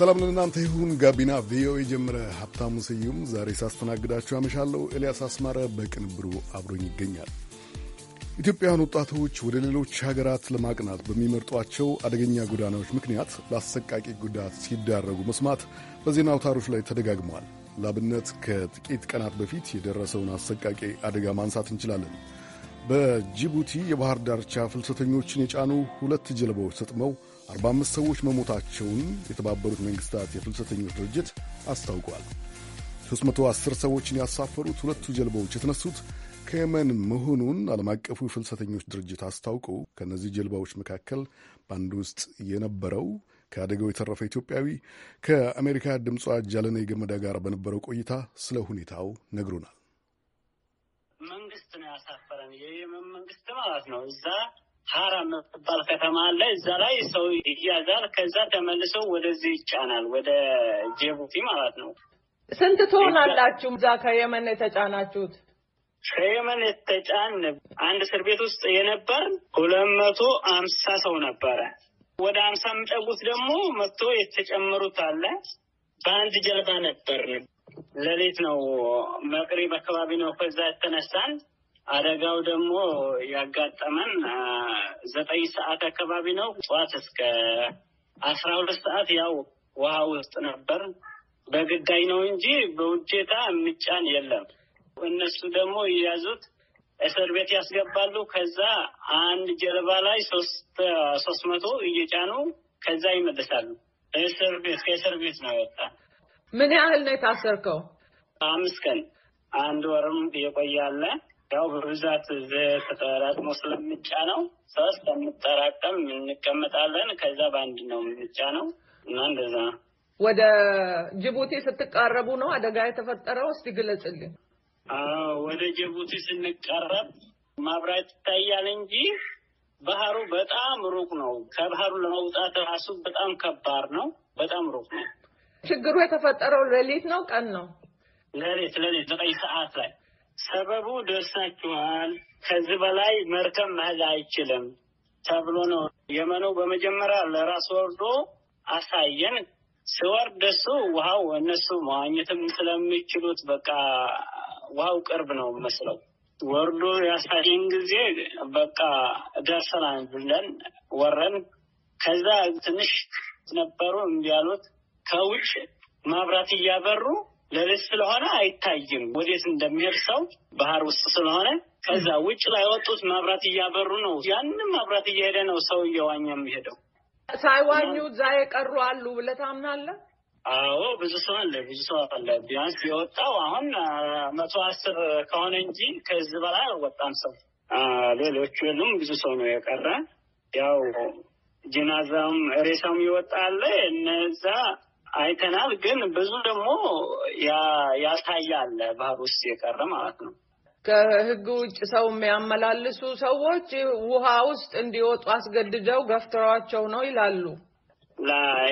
ሰላም ለእናንተ ይሁን። ጋቢና ቪኦኤ ጀምረ ሀብታሙ ስዩም ዛሬ ሳስተናግዳችሁ አመሻለሁ። ኤልያስ አስማረ በቅንብሩ አብሮኝ ይገኛል። ኢትዮጵያውያን ወጣቶች ወደ ሌሎች ሀገራት ለማቅናት በሚመርጧቸው አደገኛ ጎዳናዎች ምክንያት ለአሰቃቂ ጉዳት ሲዳረጉ መስማት በዜና አውታሮች ላይ ተደጋግመዋል። ላብነት ከጥቂት ቀናት በፊት የደረሰውን አሰቃቂ አደጋ ማንሳት እንችላለን። በጅቡቲ የባህር ዳርቻ ፍልሰተኞችን የጫኑ ሁለት ጀልባዎች ሰጥመው 45 ሰዎች መሞታቸውን የተባበሩት መንግስታት የፍልሰተኞች ድርጅት አስታውቋል። 310 ሰዎችን ያሳፈሩት ሁለቱ ጀልባዎች የተነሱት ከየመን መሆኑን ዓለም አቀፉ የፍልሰተኞች ድርጅት አስታውቁ። ከእነዚህ ጀልባዎች መካከል በአንድ ውስጥ የነበረው ከአደጋው የተረፈ ኢትዮጵያዊ ከአሜሪካ ድምጿ ጃለኔ ገመዳ ጋር በነበረው ቆይታ ስለ ሁኔታው ነግሮናል። መንግስት ነው ያሳፈረን፣ የየመን መንግስት ማለት ነው እዛ ሀራ የምትባል ከተማ አለ። እዛ ላይ ሰው ይያዛል። ከዛ ተመልሰው ወደዚህ ይጫናል፣ ወደ ጅቡቲ ማለት ነው። ስንት ትሆናላችሁ እዛ ከየመን የተጫናችሁት? ከየመን የተጫን አንድ እስር ቤት ውስጥ የነበር ሁለት መቶ አምሳ ሰው ነበረ። ወደ አምሳ የምጠጉት ደግሞ መቶ የተጨመሩት አለ። በአንድ ጀልባ ነበር። ሌሊት ነው መቅሪብ አካባቢ ነው። ከዛ የተነሳን አደጋው ደግሞ ያጋጠመን ዘጠኝ ሰዓት አካባቢ ነው። ጠዋት እስከ አስራ ሁለት ሰዓት ያው ውሃ ውስጥ ነበር። በግዳይ ነው እንጂ በውጀታ የሚጫን የለም። እነሱ ደግሞ የያዙት እስር ቤት ያስገባሉ። ከዛ አንድ ጀልባ ላይ ሶስት ሶስት መቶ እየጫኑ ከዛ ይመልሳሉ። እስር ቤት ከእስር ቤት ነው ወጣ። ምን ያህል ነው የታሰርከው? አምስት ቀን አንድ ወርም የቆያለ ያው በብዛት ተጠራቅሞ ስለምጫ ነው ሰው ከምጠራቀም እንቀመጣለን። ከዛ በአንድ ነው ምጫ ነው እና እንደዛ ነው። ወደ ጅቡቲ ስትቃረቡ ነው አደጋ የተፈጠረው? እስቲ ግለጽልኝ። ወደ ጅቡቲ ስንቀረብ ማብራት ይታያል እንጂ ባህሩ በጣም ሩቅ ነው። ከባህሩ ለመውጣት ራሱ በጣም ከባድ ነው። በጣም ሩቅ ነው። ችግሩ የተፈጠረው ሌሊት ነው ቀን ነው? ሌሊት ሌሊት ዘጠኝ ሰዓት ላይ ሰበቡ ደርሳችኋል፣ ከዚህ በላይ መርከብ መሄድ አይችልም ተብሎ ነው የመነው። በመጀመሪያ ለራስ ወርዶ አሳየን። ሲወርድ እሱ ውሃው እነሱ መዋኘትም ስለሚችሉት በቃ ውሃው ቅርብ ነው መስለው ወርዶ ያሳየን ጊዜ በቃ ደርሰናል ብለን ወረን። ከዛ ትንሽ ነበሩ እንዲያሉት ከውጭ ማብራት እያበሩ ለሌት ስለሆነ አይታይም። ወዴት እንደሚሄድ ሰው ባህር ውስጥ ስለሆነ ከዛ ውጭ ላይ ወጡት መብራት እያበሩ ነው። ያንም መብራት እየሄደ ነው ሰው እየዋኘ የሚሄደው። ሳይዋኙ እዛ የቀሩ አሉ ብለህ ታምናለህ? አዎ ብዙ ሰው አለ፣ ብዙ ሰው አለ። ቢያንስ የወጣው አሁን መቶ አስር ከሆነ እንጂ ከዚህ በላይ አልወጣም ሰው። ሌሎቹ የሉም። ብዙ ሰው ነው የቀረ። ያው ጀናዛም ሬሳም ይወጣ እነዛ አይተናል። ግን ብዙ ደግሞ ያሳያል ባህር ውስጥ የቀረ ማለት ነው። ከህግ ውጭ ሰው የሚያመላልሱ ሰዎች ውሃ ውስጥ እንዲወጡ አስገድደው ገፍትሯቸው ነው ይላሉ።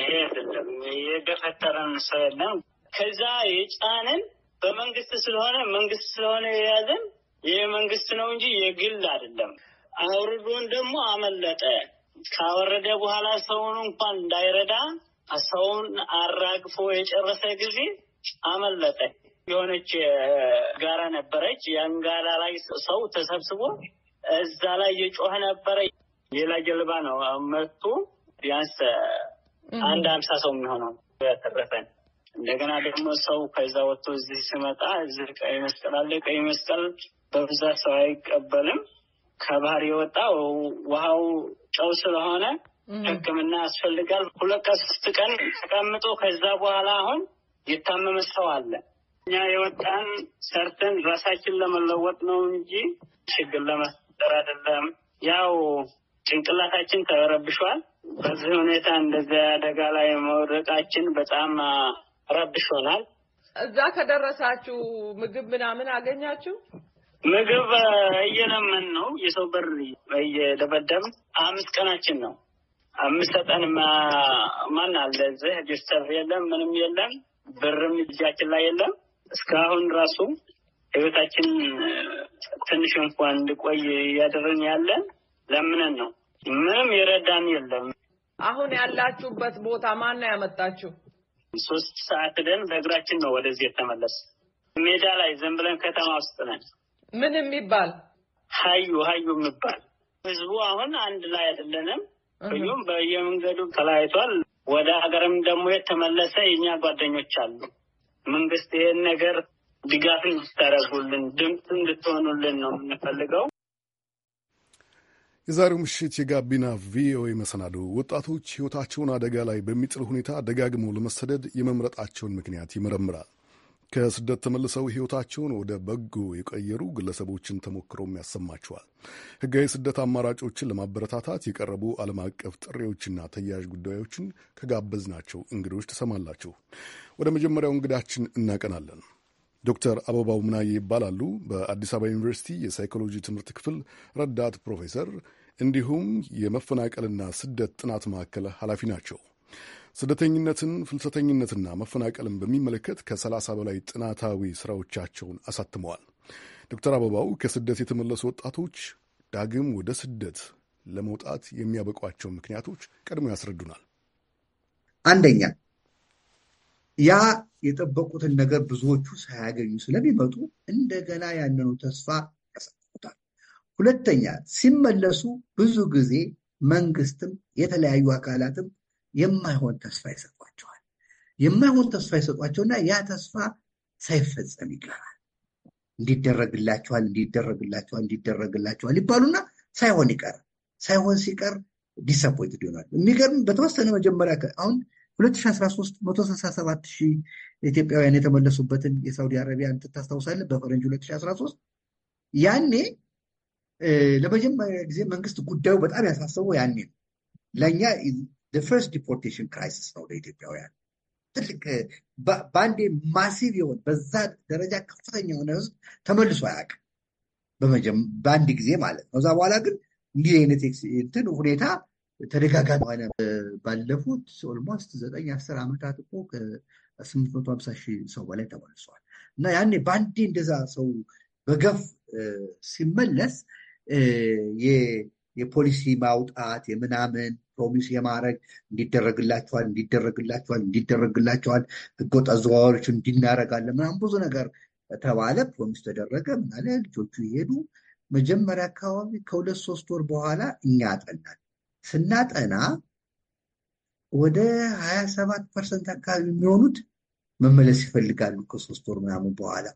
ይሄ አይደለም የገፈተረን ሰው የለም። ከዛ የጫንን በመንግስት ስለሆነ መንግስት ስለሆነ የያዘን ይህ መንግስት ነው እንጂ የግል አይደለም። አውርዶን ደግሞ አመለጠ። ካወረደ በኋላ ሰውን እንኳን እንዳይረዳ ሰውን አራግፎ የጨረሰ ጊዜ አመለጠ። የሆነች ጋራ ነበረች። ያን ጋራ ላይ ሰው ተሰብስቦ እዛ ላይ የጮኸ ነበረ። ሌላ ጀልባ ነው መቱ። ቢያንስ አንድ አምሳ ሰው የሚሆነው ያተረፈን። እንደገና ደግሞ ሰው ከዛ ወጥቶ እዚህ ሲመጣ እዚህ ቀይ መስቀል አለ። ቀይ መስቀል በብዛት ሰው አይቀበልም። ከባህር የወጣ ውሃው ጨው ስለሆነ ሕክምና ያስፈልጋል። ሁለት ከሶስት ቀን ተቀምጦ ከዛ በኋላ አሁን የታመመ ሰው አለ። እኛ የወጣን ሰርተን ራሳችን ለመለወጥ ነው እንጂ ችግር ለመፍጠር አይደለም። ያው ጭንቅላታችን ተረብሿል። በዚህ ሁኔታ እንደዚያ አደጋ ላይ መውደቃችን በጣም ረብሾናል። እዛ ከደረሳችሁ ምግብ ምናምን አገኛችሁ? ምግብ እየለመን ነው የሰው በር እየደበደብን አምስት ቀናችን ነው። አምስጠን ማን አለ እዚህ ዲስተር የለም ምንም የለም ብርም እጃችን ላይ የለም። እስካሁን ራሱ ህይወታችን ትንሽ እንኳን እንድቆይ እያደረን ያለን ለምነን ነው። ምንም የረዳን የለም። አሁን ያላችሁበት ቦታ ማን ነው ያመጣችሁ? ሶስት ሰዓት ደን በእግራችን ነው ወደዚህ የተመለስ። ሜዳ ላይ ዝም ብለን ከተማ ውስጥ ነን። ምን ይባል ሀዩ ሀዩ የሚባል ህዝቡ አሁን አንድ ላይ አይደለንም። ሁሉም በየመንገዱ ተለያይቷል። ወደ ሀገርም ደግሞ የተመለሰ የኛ ጓደኞች አሉ። መንግስት ይሄን ነገር ድጋፍ እንድታደርጉልን፣ ድምፅ እንድትሆኑልን ነው የምንፈልገው። የዛሬው ምሽት የጋቢና ቪኦኤ መሰናዶ ወጣቶች ሕይወታቸውን አደጋ ላይ በሚጥል ሁኔታ ደጋግመው ለመሰደድ የመምረጣቸውን ምክንያት ይመረምራል። ከስደት ተመልሰው ሕይወታቸውን ወደ በጎ የቀየሩ ግለሰቦችን ተሞክሮም ያሰማችኋል። ሕጋዊ ስደት አማራጮችን ለማበረታታት የቀረቡ ዓለም አቀፍ ጥሪዎችና ተያያዥ ጉዳዮችን ከጋበዝናቸው እንግዶች ትሰማላችሁ። ወደ መጀመሪያው እንግዳችን እናቀናለን። ዶክተር አበባው ምናዬ ይባላሉ። በአዲስ አበባ ዩኒቨርሲቲ የሳይኮሎጂ ትምህርት ክፍል ረዳት ፕሮፌሰር እንዲሁም የመፈናቀልና ስደት ጥናት ማዕከል ኃላፊ ናቸው። ስደተኝነትን፣ ፍልሰተኝነትና መፈናቀልን በሚመለከት ከሰላሳ በላይ ጥናታዊ ስራዎቻቸውን አሳትመዋል። ዶክተር አበባው ከስደት የተመለሱ ወጣቶች ዳግም ወደ ስደት ለመውጣት የሚያበቋቸው ምክንያቶች ቀድሞ ያስረዱናል። አንደኛ ያ የጠበቁትን ነገር ብዙዎቹ ሳያገኙ ስለሚመጡ እንደገና ያንኑ ተስፋ ያሳጡታል። ሁለተኛ ሲመለሱ ብዙ ጊዜ መንግስትም የተለያዩ አካላትም የማይሆን ተስፋ ይሰጧቸዋል። የማይሆን ተስፋ ይሰጧቸውና ያ ተስፋ ሳይፈጸም ይቀራል። እንዲደረግላቸዋል እንዲደረግላቸዋል እንዲደረግላቸዋል ይባሉና ሳይሆን ይቀር ሳይሆን ሲቀር ዲስአፖይንትድ ይሆናል። የሚገርም በተወሰነ መጀመሪያ አሁን 2013 167 ሺህ ኢትዮጵያውያን የተመለሱበትን የሳውዲ አረቢያን ትታስታውሳለህ? በፈረንጅ 2013 ያኔ ለመጀመሪያ ጊዜ መንግስት ጉዳዩ በጣም ያሳሰበው ያኔ ነው። ለእኛ ፈርስት ዲፖርቴሽን ክራይሲስ ነው ለኢትዮጵያውያን ትልቅ በአንዴ ማሲቭ የሆን በዛ ደረጃ ከፍተኛ የሆነ ህዝብ ተመልሶ አያውቅም። በአንድ ጊዜ ማለት ነው። እዛ በኋላ ግን እንዲህ አይነት እንትን ሁኔታ ተደጋጋሚ ሆነ። ባለፉት ኦልሞስት ዘጠኝ አስር ዓመታት እኮ ከስምንት መቶ ሀምሳ ሺህ ሰው በላይ ተመልሷል እና ያኔ በአንዴ እንደዛ ሰው በገፍ ሲመለስ የፖሊሲ ማውጣት የምናምን ፕሮሚስ የማድረግ እንዲደረግላቸዋል እንዲደረግላቸዋል እንዲደረግላቸዋል ህገወጥ አዘዋዋሪዎች እንዲናረጋለን ምናምን ብዙ ነገር ተባለ። ፕሮሚስ ተደረገ ምናለ ልጆቹ ይሄዱ። መጀመሪያ አካባቢ ከሁለት ሶስት ወር በኋላ እኛ አጠናል። ስናጠና ወደ ሀያ ሰባት ፐርሰንት አካባቢ የሚሆኑት መመለስ ይፈልጋሉ ከሶስት ወር ምናምን በኋላ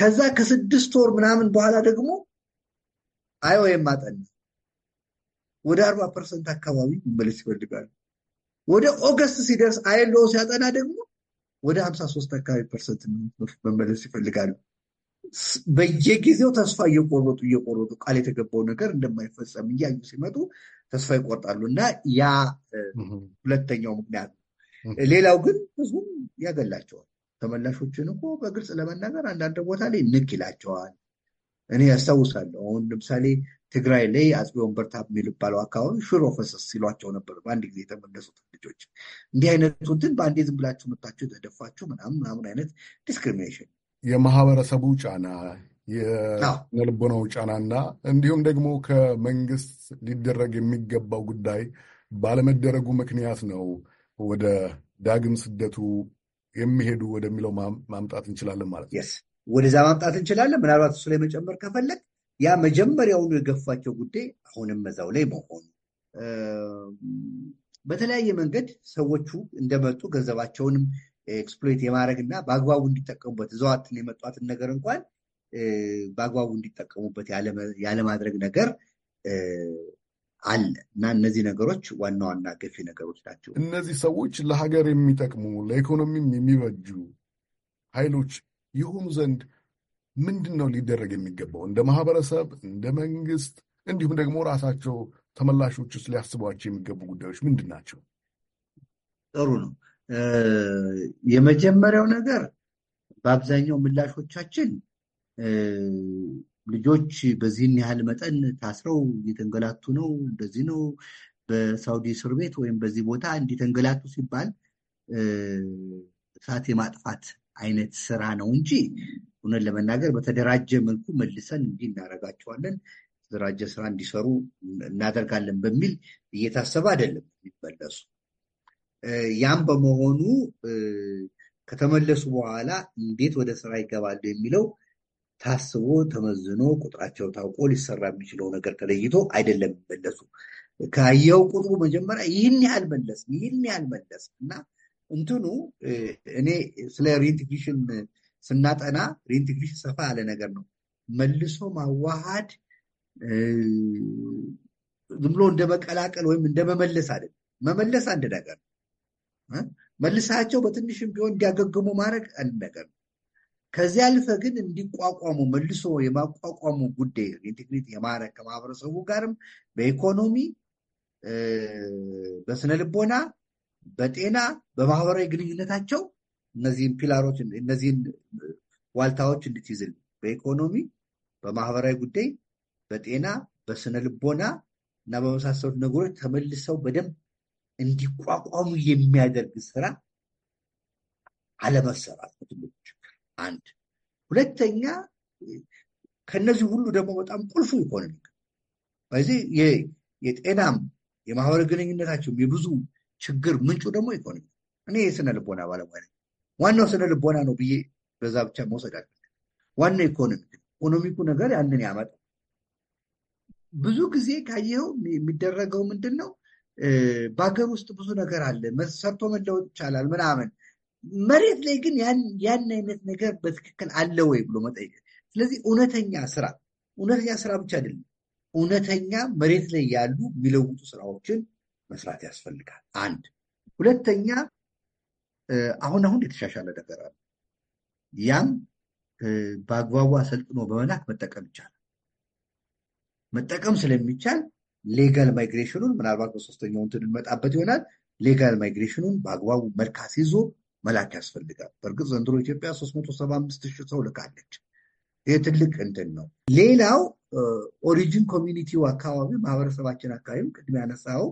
ከዛ ከስድስት ወር ምናምን በኋላ ደግሞ አይወይም አጠና ወደ አርባ ፐርሰንት አካባቢ መመለስ ይፈልጋሉ። ወደ ኦገስት ሲደርስ አይሎ ሲያጠና ደግሞ ወደ ሀምሳ ሶስት አካባቢ ፐርሰንት መመለስ ይፈልጋሉ። በየጊዜው ተስፋ እየቆረጡ እየቆረጡ ቃል የተገባው ነገር እንደማይፈጸም እያዩ ሲመጡ ተስፋ ይቆርጣሉ እና ያ ሁለተኛው ምክንያት ነው። ሌላው ግን ህዝቡም ያገላቸዋል። ተመላሾችን እኮ በግልጽ ለመናገር አንዳንድ ቦታ ላይ ንክ ይላቸዋል። እኔ ያስታውሳለሁ። አሁን ለምሳሌ ትግራይ ላይ አጽቢ ወንበርታ የሚባለው አካባቢ ሽሮ ፈሰስ ሲሏቸው ነበር። በአንድ ጊዜ የተመለሱት ልጆች እንዲህ አይነቱትን በአንዴ ዝም ብላችሁ መታችሁ ተደፋችሁ ምናምን ምናምን አይነት ዲስክሪሚኔሽን የማህበረሰቡ ጫና የልቦናው ጫናና እንዲሁም ደግሞ ከመንግስት ሊደረግ የሚገባው ጉዳይ ባለመደረጉ ምክንያት ነው ወደ ዳግም ስደቱ የሚሄዱ ወደሚለው ማምጣት እንችላለን ማለት ነው። ወደዛ ማምጣት እንችላለን። ምናልባት እሱ ላይ መጨመር ከፈለግ ያ መጀመሪያውኑ የገፋቸው ጉዳይ አሁንም እዛው ላይ መሆኑ በተለያየ መንገድ ሰዎቹ እንደመጡ ገንዘባቸውንም ኤክስፕሎይት የማድረግ እና በአግባቡ እንዲጠቀሙበት እዛዋትን የመጧትን ነገር እንኳን በአግባቡ እንዲጠቀሙበት ያለማድረግ ነገር አለ እና እነዚህ ነገሮች ዋና ዋና ገፊ ነገሮች ናቸው። እነዚህ ሰዎች ለሀገር የሚጠቅሙ ለኢኮኖሚም የሚበጁ ኃይሎች ይሆኑ ዘንድ ምንድን ነው ሊደረግ የሚገባው? እንደ ማህበረሰብ፣ እንደ መንግስት እንዲሁም ደግሞ ራሳቸው ተመላሾች ውስጥ ሊያስቧቸው የሚገቡ ጉዳዮች ምንድን ናቸው? ጥሩ ነው። የመጀመሪያው ነገር በአብዛኛው ምላሾቻችን ልጆች በዚህን ያህል መጠን ታስረው እየተንገላቱ ነው፣ እንደዚህ ነው፣ በሳውዲ እስር ቤት ወይም በዚህ ቦታ እንዲተንገላቱ ሲባል እሳት የማጥፋት አይነት ስራ ነው እንጂ እውነት ለመናገር በተደራጀ መልኩ መልሰን እንዲህ እናደርጋቸዋለን የተደራጀ ስራ እንዲሰሩ እናደርጋለን በሚል እየታሰበ አይደለም የሚመለሱ። ያም በመሆኑ ከተመለሱ በኋላ እንዴት ወደ ስራ ይገባሉ የሚለው ታስቦ ተመዝኖ ቁጥራቸው ታውቆ ሊሰራ የሚችለው ነገር ተለይቶ አይደለም የሚመለሱ። ካየው ቁጥሩ መጀመሪያ ይህን ያህል መለስ ይህን ያህል መለስ እና እንትኑ እኔ ስለ ሪኢንቴግሬሽን ስናጠና ሪኢንቴግሬሽን ሰፋ ያለ ነገር ነው። መልሶ ማዋሃድ ዝም ብሎ እንደ መቀላቀል ወይም እንደ መመለስ አይደለም። መመለስ አንድ ነገር ነው። መልሳቸው በትንሽም ቢሆን እንዲያገግሙ ማድረግ አንድ ነገር ነው። ከዚያ አልፈ ግን እንዲቋቋሙ መልሶ የማቋቋሙ ጉዳይ ኢንቴግሬት የማድረግ ከማህበረሰቡ ጋርም በኢኮኖሚ በስነ ልቦና በጤና በማህበራዊ ግንኙነታቸው እነዚህን ፒላሮች እነዚህን ዋልታዎች እንድትይዝል በኢኮኖሚ በማህበራዊ ጉዳይ በጤና በስነ ልቦና እና በመሳሰሉት ነገሮች ተመልሰው በደንብ እንዲቋቋሙ የሚያደርግ ስራ አለመሰራት ነው ችግር አንድ። ሁለተኛ ከነዚህ ሁሉ ደግሞ በጣም ቁልፉ ኢኮኖሚክ በዚህ የጤናም የማህበራዊ ግንኙነታቸውም የብዙ ችግር ምንጩ ደግሞ ኢኮኖሚ። እኔ የስነ ልቦና ባለሙያ ነኝ። ዋናው ስነ ልቦና ነው ብዬ በዛ ብቻ መውሰድ አለ። ዋናው ኢኮኖሚ ኢኮኖሚኩ ነገር ያንን ያመጣ። ብዙ ጊዜ ካየኸው የሚደረገው ምንድን ነው? በሀገር ውስጥ ብዙ ነገር አለ፣ ሰርቶ መለወጥ ይቻላል ምናምን። መሬት ላይ ግን ያን አይነት ነገር በትክክል አለ ወይ ብሎ መጠየቅ። ስለዚህ እውነተኛ ስራ እውነተኛ ስራ ብቻ አይደለም፣ እውነተኛ መሬት ላይ ያሉ የሚለውጡ ስራዎችን መስራት ያስፈልጋል። አንድ ሁለተኛ፣ አሁን አሁን የተሻሻለ ነገር አለ። ያም በአግባቡ አሰልጥኖ በመላክ መጠቀም ይቻላል። መጠቀም ስለሚቻል ሌጋል ማይግሬሽኑን ምናልባት በሶስተኛው እንትን እንመጣበት ይሆናል። ሌጋል ማይግሬሽኑን በአግባቡ መልካስ ይዞ መላክ ያስፈልጋል። በእርግጥ ዘንድሮ ኢትዮጵያ 375 ሺህ ሰው ልካለች። ይህ ትልቅ እንትን ነው። ሌላው ኦሪጂን ኮሚኒቲው አካባቢ ማህበረሰባችን አካባቢም ቅድሚያ ያነሳው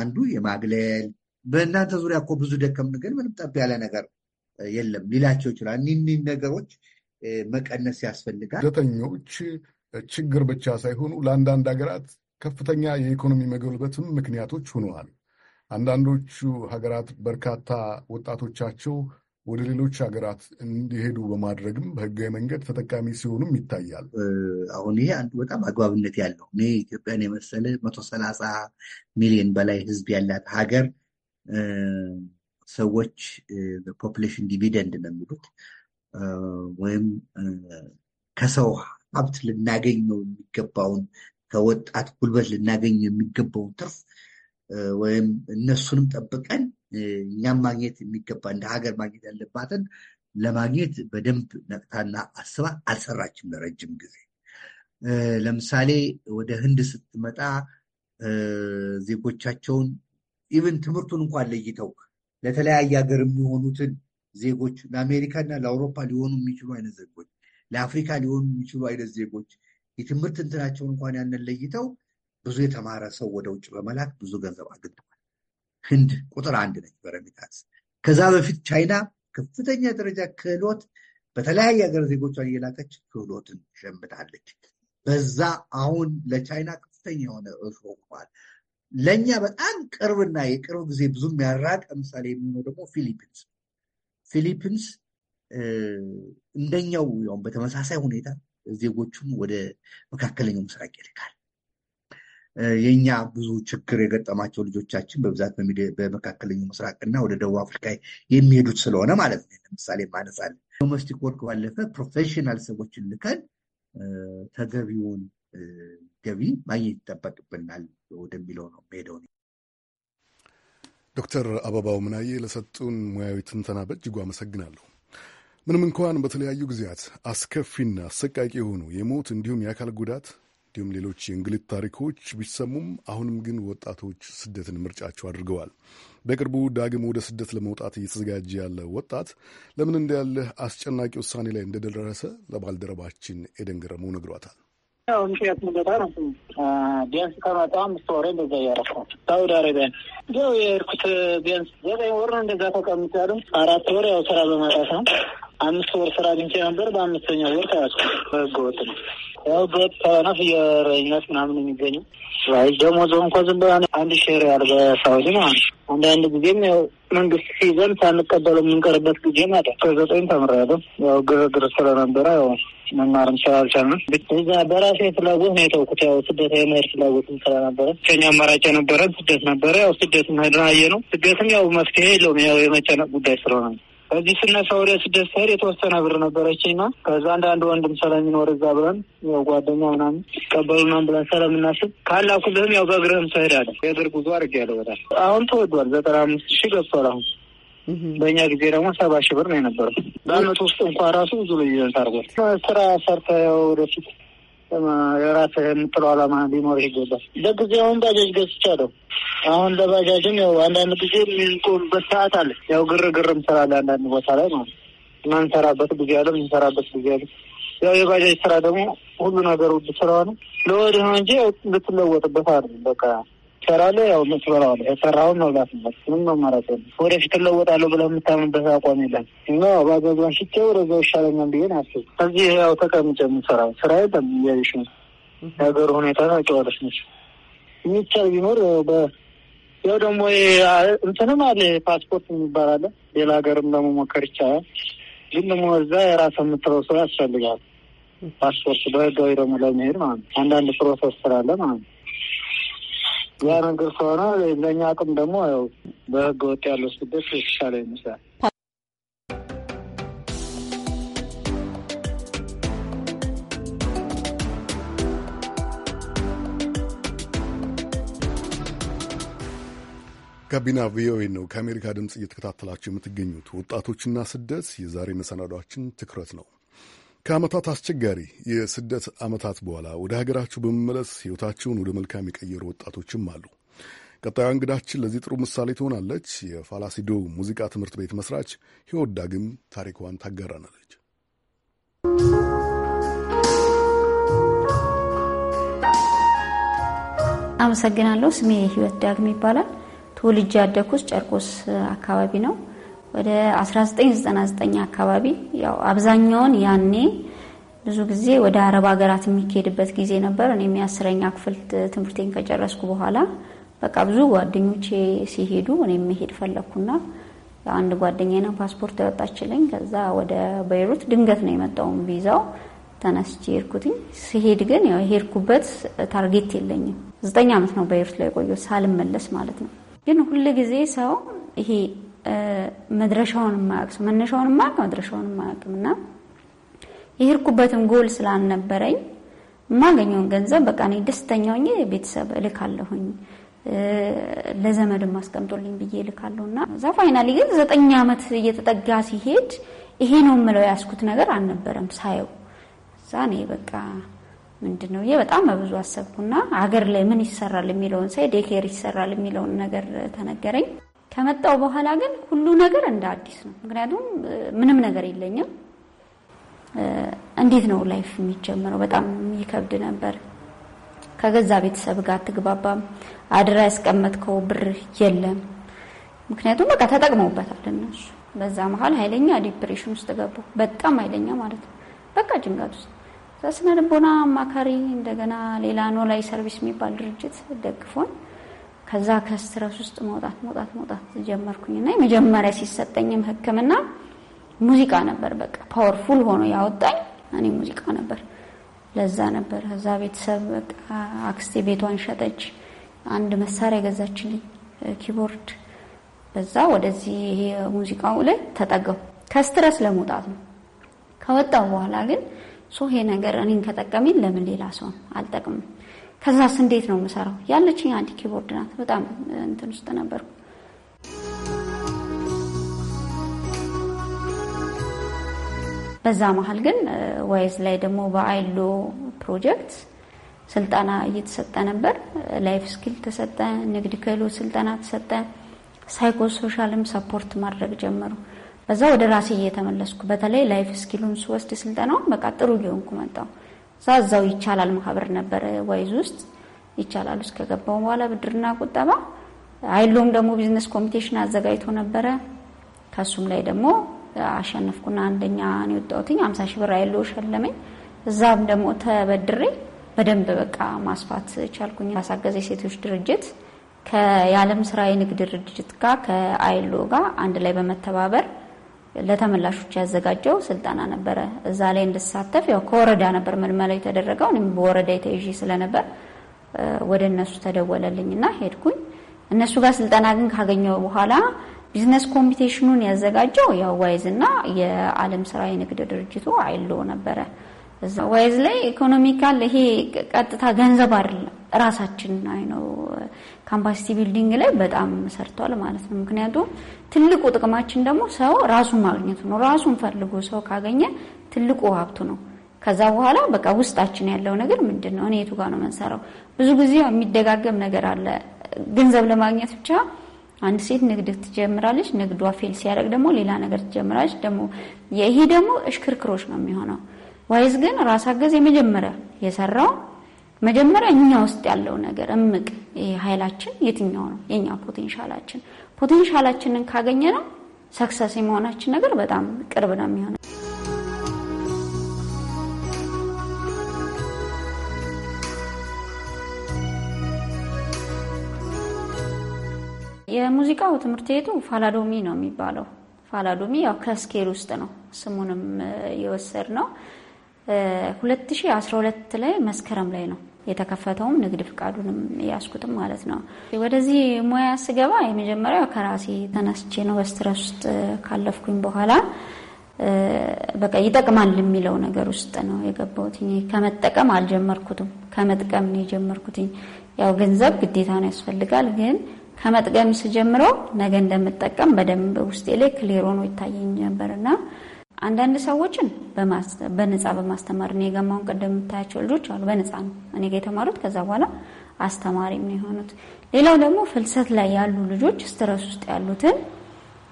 አንዱ የማግለል በእናንተ ዙሪያ እኮ ብዙ ደከም ግን ምንም ጠብ ያለ ነገር የለም ሊላቸው ይችላል። እኒህ ነገሮች መቀነስ ያስፈልጋል። ስደተኞች ችግር ብቻ ሳይሆኑ ለአንዳንድ ሀገራት ከፍተኛ የኢኮኖሚ መገልበትም ምክንያቶች ሆነዋል። አንዳንዶቹ ሀገራት በርካታ ወጣቶቻቸው ወደ ሌሎች ሀገራት እንዲሄዱ በማድረግም በህጋዊ መንገድ ተጠቃሚ ሲሆኑም ይታያል። አሁን ይሄ አንዱ በጣም አግባብነት ያለው እኔ ኢትዮጵያን የመሰለ መቶ ሰላሳ ሚሊዮን በላይ ህዝብ ያላት ሀገር ሰዎች ፖፕሌሽን ዲቪደንድ ነው የሚሉት ወይም ከሰው ሀብት ልናገኘው የሚገባውን ከወጣት ጉልበት ልናገኘው የሚገባውን ትርፍ ወይም እነሱንም ጠብቀን እኛም ማግኘት የሚገባ እንደ ሀገር ማግኘት ያለባትን ለማግኘት በደንብ ነቅታና አስባ አልሰራችም ለረጅም ጊዜ። ለምሳሌ ወደ ህንድ ስትመጣ ዜጎቻቸውን ኢቨን ትምህርቱን እንኳን ለይተው ለተለያየ ሀገር የሚሆኑትን ዜጎች ለአሜሪካና ለአውሮፓ ሊሆኑ የሚችሉ አይነት ዜጎች ለአፍሪካ ሊሆኑ የሚችሉ አይነት ዜጎች የትምህርት እንትናቸውን እንኳን ያንን ለይተው ብዙ የተማረ ሰው ወደ ውጭ በመላክ ብዙ ገንዘብ አግኝተዋል። ህንድ ቁጥር አንድ ነች በረሚታንስ። ከዛ በፊት ቻይና ከፍተኛ ደረጃ ክህሎት በተለያየ ሀገር ዜጎቿን እየላከች ክህሎትን ሸምታለች። በዛ አሁን ለቻይና ከፍተኛ የሆነ እርሾ ሆኗል። ለእኛ በጣም ቅርብና የቅርብ ጊዜ ብዙ የሚያራቅ ለምሳሌ የሚሆነው ደግሞ ፊሊፒንስ ፊሊፒንስ እንደኛው ያውም በተመሳሳይ ሁኔታ ዜጎቹን ወደ መካከለኛው ምስራቅ ይልካል። የእኛ ብዙ ችግር የገጠማቸው ልጆቻችን በብዛት በመካከለኛው ምስራቅና ወደ ደቡብ አፍሪካ የሚሄዱት ስለሆነ ማለት ነው። ለምሳሌ ማነሳል ዶሜስቲክ ወርክ ባለፈ ፕሮፌሽናል ሰዎችን ልከን ተገቢውን ገቢ ማግኘት ይጠበቅብናል ወደሚለው ነው ሄደው ዶክተር አበባው ምናዬ ለሰጡን ሙያዊ ትንተና በእጅጉ አመሰግናለሁ። ምንም እንኳን በተለያዩ ጊዜያት አስከፊና አሰቃቂ የሆኑ የሞት እንዲሁም የአካል ጉዳት እንዲሁም ሌሎች የእንግልት ታሪኮች ቢሰሙም አሁንም ግን ወጣቶች ስደትን ምርጫቸው አድርገዋል። በቅርቡ ዳግም ወደ ስደት ለመውጣት እየተዘጋጀ ያለ ወጣት ለምን እንደ አስጨናቂ ውሳኔ ላይ እንደደረሰ ለባልደረባችን ኤደን ገረመው ነግሯታል። ምክንያቱም በጣም ቢያንስ ከመጣሁ አምስት ወር እንደዛ እያረፍኩ ሳውዲ አረቢያ ያው የሄድኩት ቢያንስ ዘጠኝ ወር ነው። እንደዛ ተቀምጫለሁ። አራት ወር ያው ስራ በማጣት ነው። አምስት ወር ስራ አግኝቼ ነበር። በአምስተኛ ወር ተያዝኩ። ህገወጥ ነው። ያው በተናፍ የረኝነት ምናምን የሚገኙ ደግሞ ዞን እንኳ ዝም ብላ አንድ ሼር ያርገ ሰዎች ማለት አንዳንድ ጊዜም ያው መንግስት ሲዘን ሳንቀበለው የምንቀርበት ጊዜ ማለት ከዘጠኝ ተምሬያለሁ። ያው ግርግር ስለነበረ ያው መማርም ስላልቻልን እዛ በራሴ ፍላጎት ነው የተውኩት። ያው ስደት የመሄድ ፍላጎትም ስለነበረ ከኛ አማራጭ የነበረን ስደት ነበረ። ያው ስደት ሄድን ነው። ስደትም ያው መፍትሄ የለውም ያው የመጨነቅ ጉዳይ ስለሆነ እዚህ ስነሳ ወደ ስደት ስሄድ የተወሰነ ብር ነበረችኝ እና ከዛ አንዳንድ ወንድም ስለሚኖር እዛ ብለን ያው ጓደኛ ምናምን ይቀበሉናም ብለን ስለምናስብ ካላኩልህም ያው በእግርህም ትሄዳለህ። የእግር ጉዞ አድርጌያለሁ። በጣም አሁን ተወዷል። ዘጠና አምስት ሺህ ገብቷል አሁን በእኛ ጊዜ ደግሞ ሰባ ሺህ ብር ነው የነበረው። በአመት ውስጥ እንኳን ራሱ ብዙ ልዩነት አድርጓል። ስራ ሰርተ ያው ወደፊት የራስህን ጥሩ ዓላማ ሊኖር ይገባል። ለጊዜ አሁን ባጃጅ ገዝቻለሁ። አሁን ለባጃጅም ያው አንዳንድ ጊዜ የሚቆምበት ሰዓት አለ። ያው ግርግርም ስላለ አንዳንድ ቦታ ላይ ማለት ማንሰራበት ጊዜ አለ፣ ምንሰራበት ጊዜ አለ። ያው የባጃጅ ስራ ደግሞ ሁሉ ነገር ውድ ስለሆነ ለወድህ ነው እንጂ ልትለወጥበት አይደለም በቃ ትሰራለህ፣ ያው ትበላዋለህ። የሰራውን መብላት ነው። ምንም አማራጭ የለም። ወደፊት እለወጣለሁ ብለህ የምታምንበት አቋም የለም እና ባጃጇን ሽጬ ወደዛ ይሻለኛል ብዬን አስብ። እዚህ ያው ተቀምጬ የምሰራው ስራ የለም። እያዩሽ ነው የሀገሩ ሁኔታ ታውቂዋለሽ ነች የሚቻል ቢኖር ያው ደግሞ እንትንም አለ ፓስፖርት የሚባል አለ። ሌላ ሀገርም ለመሞከር ይቻላል። ግን ደግሞ እዛ የራስ የምትለው ሰው ያስፈልጋል። ፓስፖርት በህጋዊ ደግሞ ለመሄድ ማለት ነው። አንዳንድ ፕሮሰስ ስላለ ማለት ነው። ያ ነገር ከሆነ ለእኛ አቅም ደግሞ ያው በህገ ወጥ ያለው ስደት የተሻለ ይመስላል። ጋቢና ቪኦኤ ነው ከአሜሪካ ድምፅ እየተከታተላችሁ የምትገኙት። ወጣቶችና ስደት የዛሬ መሰናዷችን ትኩረት ነው። ከዓመታት አስቸጋሪ የስደት ዓመታት በኋላ ወደ ሀገራችሁ በመመለስ ሕይወታችሁን ወደ መልካም የቀየሩ ወጣቶችም አሉ። ቀጣዩ እንግዳችን ለዚህ ጥሩ ምሳሌ ትሆናለች። የፋላሲዶ ሙዚቃ ትምህርት ቤት መስራች ሕይወት ዳግም ታሪኳን ታጋራናለች። አመሰግናለሁ። ስሜ ሕይወት ዳግም ይባላል። ትውልጅ ያደኩት ጨርቆስ አካባቢ ነው። ወደ 1999 አካባቢ ያው አብዛኛውን ያኔ ብዙ ጊዜ ወደ አረብ ሀገራት የሚካሄድበት ጊዜ ነበር። እኔም የአስረኛ ክፍል ትምህርቴን ከጨረስኩ በኋላ በቃ ብዙ ጓደኞቼ ሲሄዱ እኔም መሄድ ፈለግኩና አንድ ነው ፓስፖርት ያወጣችልኝ። ከዛ ወደ በይሩት ድንገት ነው የመጣውም ቪዛው ተነስቼ ሄድኩትኝ። ሲሄድ ግን ያው የሄድኩበት ታርጌት የለኝም። ዘጠኝ ዓመት ነው በይሩት ላይ የቆየሁት ሳልመለስ ማለት ነው። ግን ሁልጊዜ ሰው ይሄ መድረሻውን ማያውቅ ሰው መነሻውን ማያውቅ መድረሻውን ማያውቅም እና የሄድኩበትም ጎል ስላልነበረኝ የማገኘውን ገንዘብ በቃ እኔ ደስተኛ ሆኜ ቤተሰብ እልካለሁኝ ለዘመድም አስቀምጦልኝ ብዬ እልካለሁ እና እዛ ፋይናሊ ግን ዘጠኝ ዓመት እየተጠጋ ሲሄድ ይሄ ነው የምለው ያስኩት ነገር አልነበረም ሳየው እዛ እኔ በቃ ምንድን ነው ይሄ በጣም በብዙ አሰብኩና ሀገር ላይ ምን ይሰራል የሚለውን ሳይ ዴኬር ይሰራል የሚለውን ነገር ተነገረኝ ከመጣው በኋላ ግን ሁሉ ነገር እንደ አዲስ ነው። ምክንያቱም ምንም ነገር የለኝም። እንዴት ነው ላይፍ የሚጀምረው? በጣም ይከብድ ነበር። ከገዛ ቤተሰብ ጋር አትግባባም። አድራ ያስቀመጥከው ብር የለም። ምክንያቱም በቃ ተጠቅመውበታል እነሱ። በዛ መሀል ኃይለኛ ዲፕሬሽን ውስጥ ገቡ። በጣም ኃይለኛ ማለት ነው። በቃ ጭንቀት ውስጥ ስነ ልቦና አማካሪ እንደገና ሌላ ኖ ላይ ሰርቪስ የሚባል ድርጅት ደግፎን ከዛ ከስትረስ ውስጥ መውጣት መውጣት መውጣት ጀመርኩኝና የመጀመሪያ ሲሰጠኝም ሕክምና ሙዚቃ ነበር። በቃ ፓወርፉል ሆኖ ያወጣኝ እኔ ሙዚቃ ነበር። ለዛ ነበር ከዛ ቤተሰብ አክስቴ ቤቷን ሸጠች። አንድ መሳሪያ የገዛችልኝ ኪቦርድ። በዛ ወደዚህ ይሄ ሙዚቃው ላይ ተጠገው ከስትረስ ለመውጣት ነው። ከወጣው በኋላ ግን ሶ ይሄ ነገር እኔን ከጠቀሜን ለምን ሌላ ሰውን አልጠቅምም? ከዛስ እንዴት ነው የምሰራው? ያለችኝ አንድ ኪቦርድ ናት። በጣም እንትን ውስጥ ነበርኩ። በዛ መሀል ግን ዋይዝ ላይ ደግሞ በአይሎ ፕሮጀክት ስልጠና እየተሰጠ ነበር። ላይፍ ስኪል ተሰጠ፣ ንግድ ክህሎት ስልጠና ተሰጠ፣ ሳይኮሶሻልም ሰፖርት ማድረግ ጀመሩ። በዛ ወደ ራሴ እየተመለስኩ በተለይ ላይፍ ስኪሉን ስወስድ ስልጠናውን በቃ ጥሩ ሊሆንኩ መጣሁ። ዛዛው ይቻላል ማህበር ነበረ ወይዝ ውስጥ ይቻላል ውስጥ ከገባው በኋላ ብድርና ቁጠባ አይሎም ደግሞ ቢዝነስ ኮሚቴሽን አዘጋጅቶ ነበረ። ከሱም ላይ ደግሞ አሸነፍኩና አንደኛ ነው የወጣሁትኝ። አምሳ ሺህ ብር አይሎ ሸለመኝ። እዛም ደግሞ ተበድሬ በደንብ በቃ ማስፋት ቻልኩኝ። ያሳገዘ ሴቶች ድርጅት ከየዓለም ስራ የንግድ ድርጅት ጋር ከአይሎ ጋር አንድ ላይ በመተባበር ለተመላሾች ያዘጋጀው ስልጠና ነበረ። እዛ ላይ እንድሳተፍ ያው ከወረዳ ነበር መልመላው የተደረገው። እኔም በወረዳ የተይዤ ስለነበር ወደ እነሱ ተደወለልኝና ሄድኩኝ። እነሱ ጋር ስልጠና ግን ካገኘው በኋላ ቢዝነስ ኮምፒቴሽኑን ያዘጋጀው ያው ዋይዝ እና የዓለም ስራ የንግድ ድርጅቱ አይሎ ነበረ። ዋይዝ ላይ ኢኮኖሚካል ይሄ ቀጥታ ገንዘብ አይደለም። ራሳችን አይ ነው ካምፓሲቲ ቢልዲንግ ላይ በጣም ሰርቷል ማለት ነው። ምክንያቱም ትልቁ ጥቅማችን ደግሞ ሰው ራሱን ማግኘቱ ነው። ራሱን ፈልጎ ሰው ካገኘ ትልቁ ሀብቱ ነው። ከዛ በኋላ በቃ ውስጣችን ያለው ነገር ምንድን ነው? እኔ የቱ ጋር ነው መንሰራው? ብዙ ጊዜ የሚደጋገም ነገር አለ። ገንዘብ ለማግኘት ብቻ አንድ ሴት ንግድ ትጀምራለች። ንግዷ ፌል ሲያደርግ ደግሞ ሌላ ነገር ትጀምራለች። ደግሞ ይሄ ደግሞ እሽክርክሮች ነው የሚሆነው ዋይዝ ግን ራስ አገዝ የመጀመሪያ የሰራው መጀመሪያ እኛ ውስጥ ያለው ነገር እምቅ ይሄ ኃይላችን የትኛው ነው? የኛ ፖቴንሻላችን ፖቴንሻላችንን ካገኘ ነው ሰክሰስ የመሆናችን ነገር በጣም ቅርብ ነው የሚሆነው። የሙዚቃው ትምህርት ቤቱ ፋላዶሚ ነው የሚባለው። ፋላዶሚ ያው ከስኬል ውስጥ ነው ስሙንም የወሰድ ነው 2012 ላይ መስከረም ላይ ነው የተከፈተውም ንግድ ፍቃዱንም ያስኩትም ማለት ነው። ወደዚህ ሙያ ስገባ የመጀመሪያው ከራሴ ተነስቼ ነው። በስትረስ ውስጥ ካለፍኩኝ በኋላ በቃ ይጠቅማል የሚለው ነገር ውስጥ ነው የገባሁት። ከመጠቀም አልጀመርኩትም፣ ከመጥቀም ነው የጀመርኩትኝ። ያው ገንዘብ ግዴታ ነው ያስፈልጋል፣ ግን ከመጥቀም ስጀምረው ነገ እንደምጠቀም በደንብ ውስጤ ላይ ክሊር ሆኖ ይታየኝ ነበርና አንዳንድ ሰዎችን በነፃ በማስተማር ነው የገማውን ቅድም የምታያቸው ልጆች አሉ። በነፃ ነው እኔ ጋ የተማሩት። ከዛ በኋላ አስተማሪም ነው የሆኑት። ሌላው ደግሞ ፍልሰት ላይ ያሉ ልጆች ስትረስ ውስጥ ያሉትን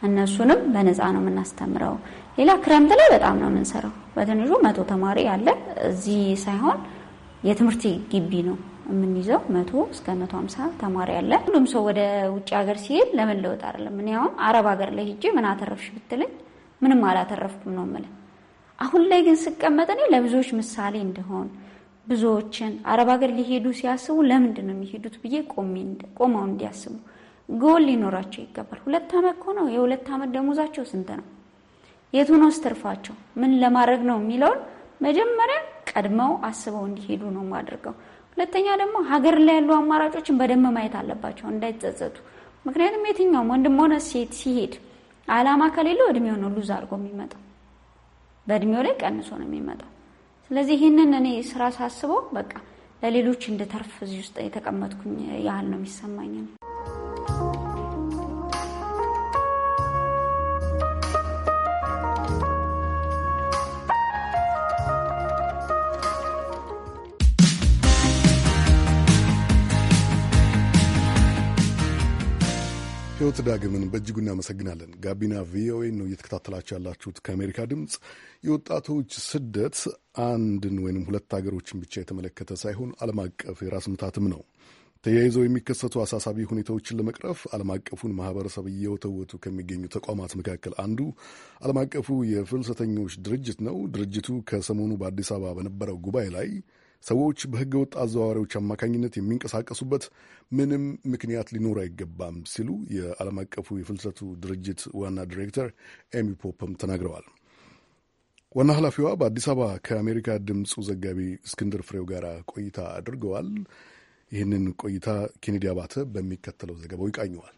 እነሱንም በነፃ ነው የምናስተምረው። ሌላ ክረምት ላይ በጣም ነው የምንሰራው። በትንሹ መቶ ተማሪ ያለ እዚህ ሳይሆን የትምህርት ግቢ ነው የምንይዘው። መቶ እስከ መቶ ሀምሳ ተማሪ አለ። ሁሉም ሰው ወደ ውጭ ሀገር ሲሄድ ለመለወጥ አይደለም። እኔ አሁን አረብ ሀገር ላይ ሄጄ ምን አተረፍሽ ብትለኝ ምንም አላተረፍኩም ነው የምልህ። አሁን ላይ ግን ስቀመጥ እኔ ለብዙዎች ምሳሌ እንደሆን ብዙዎችን አረብ ሀገር ሊሄዱ ሲያስቡ ለምንድን ነው የሚሄዱት ብዬ ቆመው እንዲያስቡ ጎል ሊኖራቸው ይገባል። ሁለት ዓመት እኮ ነው። የሁለት ዓመት ደሞዛቸው ስንት ነው? የቱ ነው ትርፋቸው ምን ለማድረግ ነው የሚለውን መጀመሪያ ቀድመው አስበው እንዲሄዱ ነው የማደርገው። ሁለተኛ ደግሞ ሀገር ላይ ያሉ አማራጮችን በደንብ ማየት አለባቸው እንዳይጸጸቱ። ምክንያቱም የትኛውም ወንድም ሆነ ሴት ሲሄድ አላማ ከሌለው እድሜው ነው ሉዝ አድርጎ የሚመጣው። በእድሜው ላይ ቀንሶ ነው የሚመጣው። ስለዚህ ይህንን እኔ ስራ ሳስበው በቃ ለሌሎች እንድተርፍ እዚህ ውስጥ የተቀመጥኩኝ ያህል ነው የሚሰማኝ ነው። ርዕዮት ዳግምን በእጅጉ እናመሰግናለን። ጋቢና ቪኦኤ ነው እየተከታተላችሁ ያላችሁት ከአሜሪካ ድምፅ። የወጣቶች ስደት አንድን ወይንም ሁለት ሀገሮችን ብቻ የተመለከተ ሳይሆን ዓለም አቀፍ የራስ ምታትም ነው። ተያይዘው የሚከሰቱ አሳሳቢ ሁኔታዎችን ለመቅረፍ ዓለም አቀፉን ማህበረሰብ እየወተወቱ ከሚገኙ ተቋማት መካከል አንዱ ዓለም አቀፉ የፍልሰተኞች ድርጅት ነው። ድርጅቱ ከሰሞኑ በአዲስ አበባ በነበረው ጉባኤ ላይ ሰዎች በህገወጥ አዘዋዋሪዎች አማካኝነት የሚንቀሳቀሱበት ምንም ምክንያት ሊኖር አይገባም ሲሉ የዓለም አቀፉ የፍልሰቱ ድርጅት ዋና ዲሬክተር ኤሚ ፖፕም ተናግረዋል። ዋና ኃላፊዋ በአዲስ አበባ ከአሜሪካ ድምፁ ዘጋቢ እስክንድር ፍሬው ጋር ቆይታ አድርገዋል። ይህንን ቆይታ ኬኔዲ አባተ በሚከተለው ዘገባው ይቃኘዋል።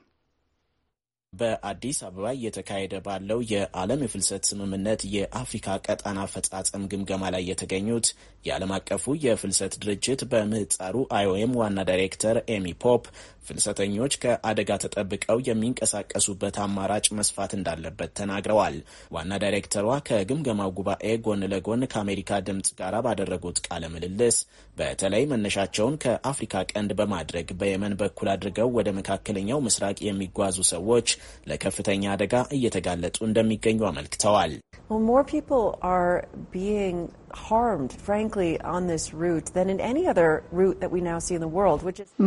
በአዲስ አበባ እየተካሄደ ባለው የዓለም የፍልሰት ስምምነት የአፍሪካ ቀጣና አፈጻጸም ግምገማ ላይ የተገኙት የዓለም አቀፉ የፍልሰት ድርጅት በምህጻሩ አይኦኤም ዋና ዳይሬክተር ኤሚ ፖፕ ፍልሰተኞች ከአደጋ ተጠብቀው የሚንቀሳቀሱበት አማራጭ መስፋት እንዳለበት ተናግረዋል። ዋና ዳይሬክተሯ ከግምገማው ጉባኤ ጎን ለጎን ከአሜሪካ ድምፅ ጋር ባደረጉት ቃለ ምልልስ በተለይ መነሻቸውን ከአፍሪካ ቀንድ በማድረግ በየመን በኩል አድርገው ወደ መካከለኛው ምስራቅ የሚጓዙ ሰዎች ለከፍተኛ አደጋ እየተጋለጡ እንደሚገኙ አመልክተዋል።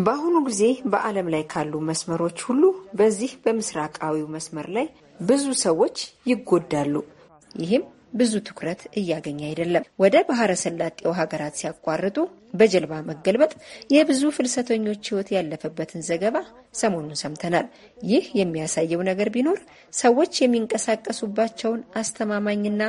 በአሁኑ ጊዜ በአለም ላይ ካሉ መስመሮች ሁሉ በዚህ በምስራቃዊው መስመር ላይ ብዙ ሰዎች ይጎዳሉ። ይህም ብዙ ትኩረት እያገኘ አይደለም። ወደ ባህረ ሰላጤው ሀገራት ሲያቋርጡ በጀልባ መገልበጥ የብዙ ፍልሰተኞች ሕይወት ያለፈበትን ዘገባ ሰሞኑን ሰምተናል። ይህ የሚያሳየው ነገር ቢኖር ሰዎች የሚንቀሳቀሱባቸውን አስተማማኝና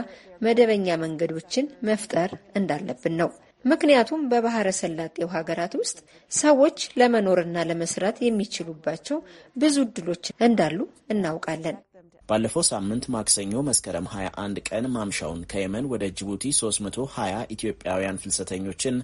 መደበኛ መንገዶችን መፍጠር እንዳለብን ነው። ምክንያቱም በባህረ ሰላጤው ሀገራት ውስጥ ሰዎች ለመኖርና ለመስራት የሚችሉባቸው ብዙ እድሎች እንዳሉ እናውቃለን። ባለፈው ሳምንት ማክሰኞ መስከረም 21 ቀን ማምሻውን ከየመን ወደ ጅቡቲ 320 ኢትዮጵያውያን ፍልሰተኞችን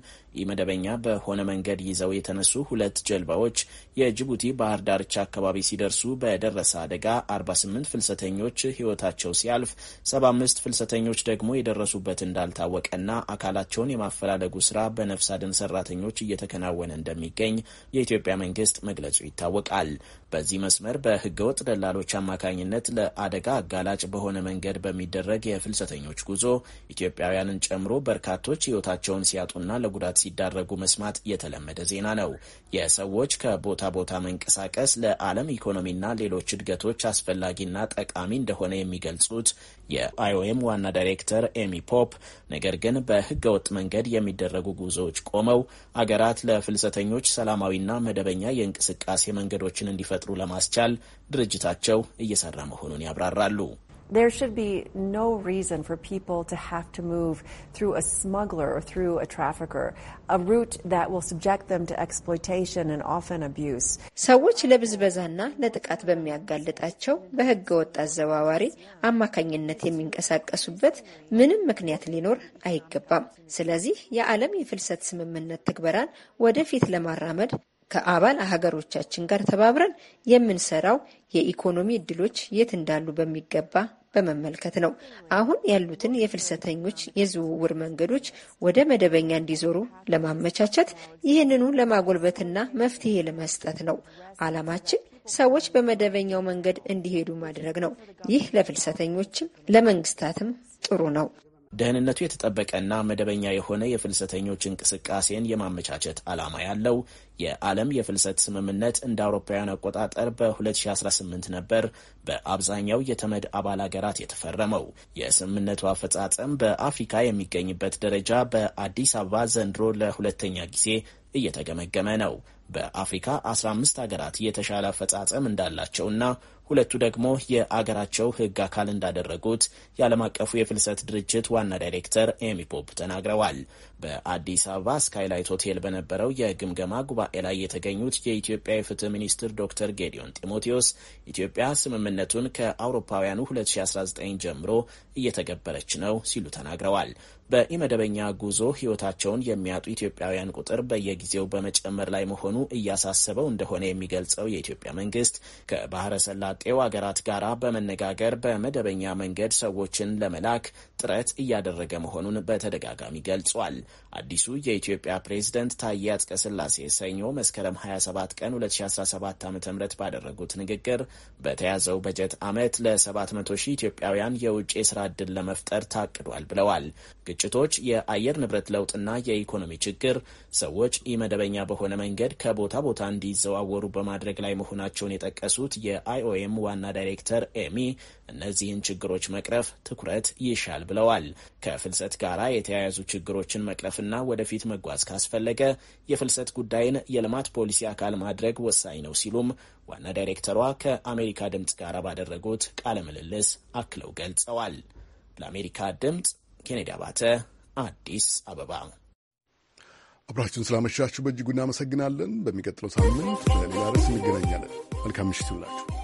ኢመደበኛ በሆነ መንገድ ይዘው የተነሱ ሁለት ጀልባዎች የጅቡቲ ባህር ዳርቻ አካባቢ ሲደርሱ በደረሰ አደጋ 48 ፍልሰተኞች ሕይወታቸው ሲያልፍ 75 ፍልሰተኞች ደግሞ የደረሱበት እንዳልታወቀና አካላቸውን የማፈላለጉ ስራ በነፍስ አድን ሰራተኞች እየተከናወነ እንደሚገኝ የኢትዮጵያ መንግስት መግለጹ ይታወቃል። በዚህ መስመር በህገወጥ ደላሎች አማካኝነት ለ አደጋ አጋላጭ በሆነ መንገድ በሚደረግ የፍልሰተኞች ጉዞ ኢትዮጵያውያንን ጨምሮ በርካቶች ሕይወታቸውን ሲያጡና ለጉዳት ሲዳረጉ መስማት የተለመደ ዜና ነው። የሰዎች ከቦታ ቦታ መንቀሳቀስ ለዓለም ኢኮኖሚና ሌሎች እድገቶች አስፈላጊና ጠቃሚ እንደሆነ የሚገልጹት የአይኦኤም ዋና ዳይሬክተር ኤሚ ፖፕ፣ ነገር ግን በህገወጥ መንገድ የሚደረጉ ጉዞዎች ቆመው አገራት ለፍልሰተኞች ሰላማዊና መደበኛ የእንቅስቃሴ መንገዶችን እንዲፈጥሩ ለማስቻል ድርጅታቸው እየሰራ መሆኑን መሆኑን ያብራራሉ። there should be no reason for people to have to move through a smuggler or through a trafficker, a route that will subject them to exploitation and often abuse. ሰዎች ለብዝበዛና ለጥቃት በሚያጋልጣቸው በሕገ ወጥ አዘዋዋሪ አማካኝነት የሚንቀሳቀሱበት ምንም ምክንያት ሊኖር አይገባም። ስለዚህ የዓለም የፍልሰት ስምምነት ትግበራን ወደፊት ለማራመድ ከአባል ሀገሮቻችን ጋር ተባብረን የምንሰራው የኢኮኖሚ እድሎች የት እንዳሉ በሚገባ በመመልከት ነው። አሁን ያሉትን የፍልሰተኞች የዝውውር መንገዶች ወደ መደበኛ እንዲዞሩ ለማመቻቸት ይህንኑ ለማጎልበትና መፍትሄ ለመስጠት ነው አላማችን ሰዎች በመደበኛው መንገድ እንዲሄዱ ማድረግ ነው። ይህ ለፍልሰተኞችም ለመንግስታትም ጥሩ ነው። ደህንነቱ የተጠበቀና መደበኛ የሆነ የፍልሰተኞች እንቅስቃሴን የማመቻቸት ዓላማ ያለው የዓለም የፍልሰት ስምምነት እንደ አውሮፓውያን አቆጣጠር በ2018 ነበር በአብዛኛው የተመድ አባል ሀገራት የተፈረመው። የስምምነቱ አፈጻጸም በአፍሪካ የሚገኝበት ደረጃ በአዲስ አበባ ዘንድሮ ለሁለተኛ ጊዜ እየተገመገመ ነው። በአፍሪካ 15 ሀገራት የተሻለ አፈጻጸም እንዳላቸውና ሁለቱ ደግሞ የአገራቸው ሕግ አካል እንዳደረጉት የዓለም አቀፉ የፍልሰት ድርጅት ዋና ዳይሬክተር ኤሚ ፖፕ ተናግረዋል። በአዲስ አበባ ስካይላይት ሆቴል በነበረው የግምገማ ጉባኤ ላይ የተገኙት የኢትዮጵያ የፍትህ ሚኒስትር ዶክተር ጌዲዮን ጢሞቴዎስ ኢትዮጵያ ስምምነቱን ከአውሮፓውያኑ 2019 ጀምሮ እየተገበረች ነው ሲሉ ተናግረዋል። በኢመደበኛ ጉዞ ህይወታቸውን የሚያጡ ኢትዮጵያውያን ቁጥር በየጊዜው በመጨመር ላይ መሆኑ እያሳሰበው እንደሆነ የሚገልጸው የኢትዮጵያ መንግስት ከባህረ ሰላ ከሰላጤው ሀገራት ጋር በመነጋገር በመደበኛ መንገድ ሰዎችን ለመላክ ጥረት እያደረገ መሆኑን በተደጋጋሚ ገልጿል። አዲሱ የኢትዮጵያ ፕሬዝደንት ታዬ አጽቀሥላሴ ሰኞ መስከረም 27 ቀን 2017 ዓ ም ባደረጉት ንግግር በተያዘው በጀት ዓመት ለ700 ሺህ ኢትዮጵያውያን የውጭ የስራ ዕድል ለመፍጠር ታቅዷል ብለዋል። ግጭቶች፣ የአየር ንብረት ለውጥና የኢኮኖሚ ችግር ሰዎች ኢመደበኛ በሆነ መንገድ ከቦታ ቦታ እንዲዘዋወሩ በማድረግ ላይ መሆናቸውን የጠቀሱት የአይኦኤም ኤም ዋና ዳይሬክተር ኤሚ እነዚህን ችግሮች መቅረፍ ትኩረት ይሻል ብለዋል። ከፍልሰት ጋር የተያያዙ ችግሮችን መቅረፍና ወደፊት መጓዝ ካስፈለገ የፍልሰት ጉዳይን የልማት ፖሊሲ አካል ማድረግ ወሳኝ ነው ሲሉም ዋና ዳይሬክተሯ ከአሜሪካ ድምፅ ጋር ባደረጉት ቃለ ምልልስ አክለው ገልጸዋል። ለአሜሪካ ድምፅ ኬኔዲ አባተ አዲስ አበባ። አብራችሁን ስላመሻችሁ በእጅጉ እናመሰግናለን። በሚቀጥለው ሳምንት ለሌላ ርዕስ እንገናኛለን። መልካም ምሽት ይሁንላችሁ።